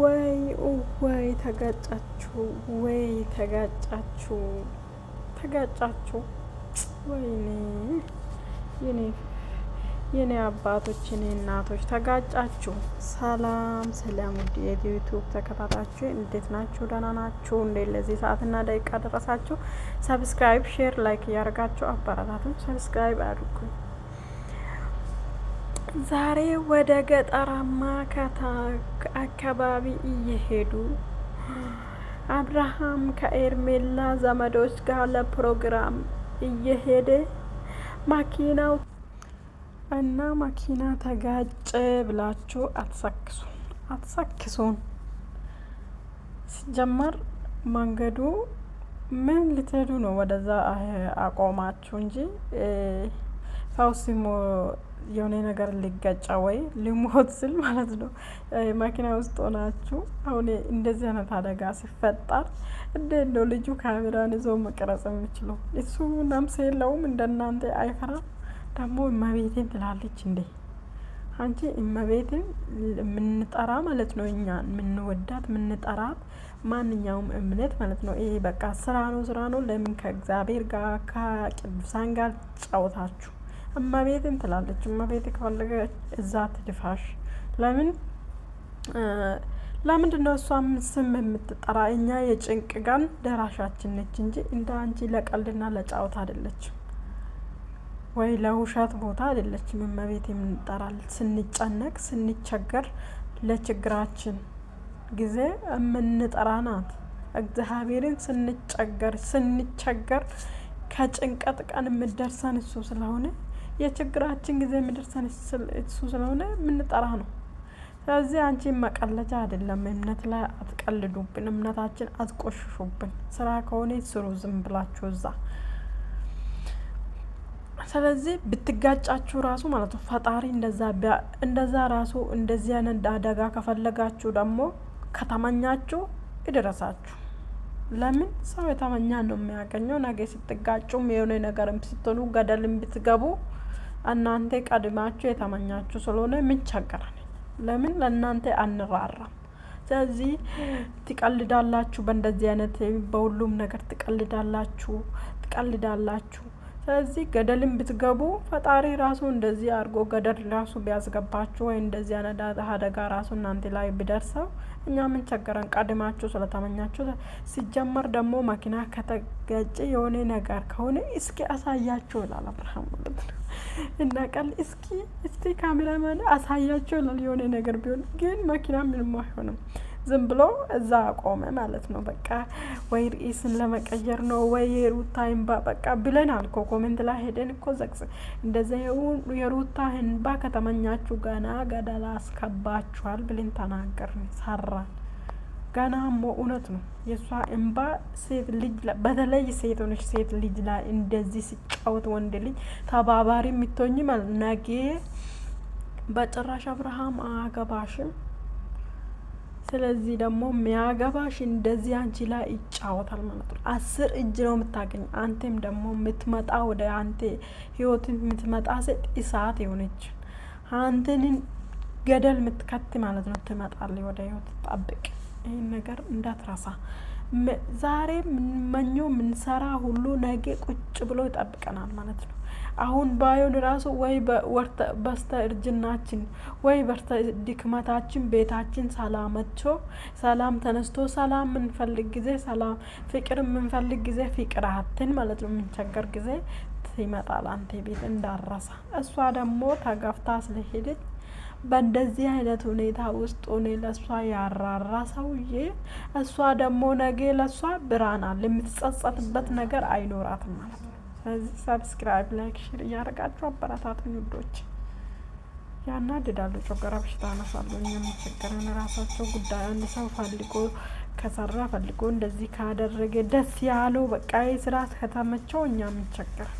ወይ ወይ ተጋጫችሁ፣ ወይ ተጋጫችሁ፣ ተጋጫችሁ። ወይኔ የኔ የኔ አባቶች የኔ እናቶች ተጋጫችሁ። ሰላም ሰላም፣ ውድ የዩቲዩብ ተከታታችሁ እንዴት ናችሁ? ደህና ናችሁ? እንዴት ለዚህ ሰዓትና ደቂቃ ደረሳችሁ? ሰብስክራይብ፣ ሼር፣ ላይክ እያደረጋችሁ አበረታቱኝ። ሰብስክራይብ አድርጉኝ። ዛሬ ወደ ገጠራማ ከታ አካባቢ እየሄዱ አብርሃም ከኤርሜላ ዘመዶች ጋር ለፕሮግራም እየሄደ ማኪናው እና ማኪና ተጋጨ ብላችሁ አትሰክሱን አትሰክሱን። ሲጀመር መንገዱ ምን ልትሄዱ ነው? ወደዛ አቆማችሁ እንጂ ሰው ሲሞ የሆነ ነገር ሊጋጫ ወይ ሊሞት ስል ማለት ነው። መኪና ውስጥ ሆናችሁ አሁን እንደዚህ አይነት አደጋ ሲፈጠር እንደ ነው ልጁ ካሜራን ይዞ መቅረጽ የሚችለው? እሱ ነፍስ የለውም እንደናንተ አይፈራም። ደግሞ እመቤቴን ትላለች እንዴ አንቺ እመቤትን የምንጠራ ማለት ነው። እኛ የምንወዳት የምንጠራት ማንኛውም እምነት ማለት ነው። ይሄ በቃ ስራ ነው፣ ስራ ነው። ለምን ከእግዚአብሔር ጋር ከቅዱሳን ጋር ጫወታችሁ? እመቤቴን ትላለች። እመቤት ከፈለገች እዛ ትድፋሽ። ለምን ለምንድን ነው እሷም ስም የምትጠራ? እኛ የጭንቅ ጋን ደራሻችን ነች እንጂ እንደ አንቺ ለቀልድና ለጫወት አይደለችም፣ ወይ ለውሸት ቦታ አይደለችም። እመቤት የምንጠራል ስንጨነቅ ስንቸገር ለችግራችን ጊዜ የምንጠራ ናት። እግዚአብሔርን ስንቸገር ስንቸገር ከጭንቀት ቀን የምደርሰን እሱ ስለሆነ የችግራችን ጊዜ የሚደርሰን እሱ ስለሆነ የምንጠራ ነው። ስለዚህ አንቺ መቀለጃ አይደለም። እምነት ላይ አትቀልዱብን፣ እምነታችን አትቆሽሹብን። ስራ ከሆነ ስሩ ዝም ብላችሁ እዛ። ስለዚህ ብትጋጫችሁ ራሱ ማለት ነው ፈጣሪ እንደዛ ራሱ እንደዚህ አይነት አደጋ ከፈለጋችሁ ደግሞ ከተመኛችሁ ይደረሳችሁ። ለምን ሰው የተመኛ ነው የሚያገኘው። ነገ ስትጋጩም የሆነ ነገርም ስትሆኑ ገደልም ብትገቡ እናንተ ቀድማችሁ የተመኛችሁ ስለሆነ ምን ቸገረን? ለምን ለእናንተ አንራራም? ስለዚህ ትቀልዳላችሁ፣ በእንደዚህ አይነት በሁሉም ነገር ትቀልዳላችሁ ትቀልዳላችሁ። ስለዚህ ገደልን ብትገቡ ፈጣሪ ራሱ እንደዚህ አድርጎ ገደል ራሱ ቢያስገባችሁ ወይ እንደዚህ አይነት አደጋ ራሱ እናንተ ላይ ቢደርሰው እኛ ምን ቸገረን? ቀድማችሁ ስለተመኛችሁ ሲጀመር ደግሞ መኪና ከተገጨ የሆነ ነገር ከሆነ እስኪ አሳያችሁ ይላል አብርሃም ማለት ነው። እና ቃል እስኪ እስቲ ካሜራማን አሳያችሁ ይላል የሆነ ነገር ቢሆን ግን መኪና ምንም አይሆንም። ዝም ብሎ እዛ ቆመ ማለት ነው። በቃ ወይ ርኢስን ለመቀየር ነው ወይ የሩታ እንባ በቃ ብለናል እኮ ኮሜንት ላይ ሄደን እኮ ዘቅስ እንደዚ የሩታ እንባ ከተመኛችሁ ገና ገደል አስከባችኋል ብልን ተናገርን ሰራን። ገና ሞ እውነት ነው የእሷ እንባ ሴት ልጅ በተለይ ሴት ሆነች ሴት ልጅ ላይ እንደዚህ ሲጫወት ወንድ ልጅ ተባባሪ የምትሆኝ ማለት ነገ በጭራሽ አብርሃም አገባሽም ስለዚህ ደግሞ ሚያገባሽ እንደዚህ አንቺ ላይ ይጫወታል ማለት ነው። አስር እጅ ነው የምታገኝ። አንቴም ደግሞ የምትመጣ ወደ አንቴ ህይወት የምትመጣ ሴት እሳት የሆነች አንተንን ገደል የምትከት ማለት ነው። ትመጣል ወደ ህይወት ጠብቅ። ይህን ነገር እንዳትረሳ። ዛሬ ምንመኘው ምንሰራ ሁሉ ነገ ቁጭ ብሎ ይጠብቀናል ማለት ነው። አሁን ባይሆን ራሱ ወይ በስተ እርጅናችን ወይ በስተ ድክመታችን ቤታችን ሰላመቾ ሰላም ተነስቶ ሰላም የምንፈልግ ጊዜ ሰላም ፍቅር የምንፈልግ ጊዜ ፍቅር አትን ማለት ነው የምንቸገር ጊዜ ይመጣል አንተ ቤት እንዳረሳ። እሷ ደግሞ ተገፍታ ስለሄደች በእንደዚህ አይነት ሁኔታ ውስጥ ሆኔ ለእሷ ያራራ ሰውዬ፣ እሷ ደግሞ ነገ ለእሷ ብራናል የምትጸጸትበት ነገር አይኖራትም ማለት ነው። ስለዚህ ሰብስክራይብ፣ ላይክ፣ ሼር እያደረጋችሁ አበረታቱኝ ውዶች። ያናድዳሉ። ጮገራ በሽታ ያነሳሉ። እኛም ችግርን ራሳቸው ጉዳይ አንድ ሰው ፈልጎ ከሰራ ፈልጎ እንደዚህ ካደረገ ደስ ያለው በቃ ስራ ከተመቸው እኛም እንቸገራል።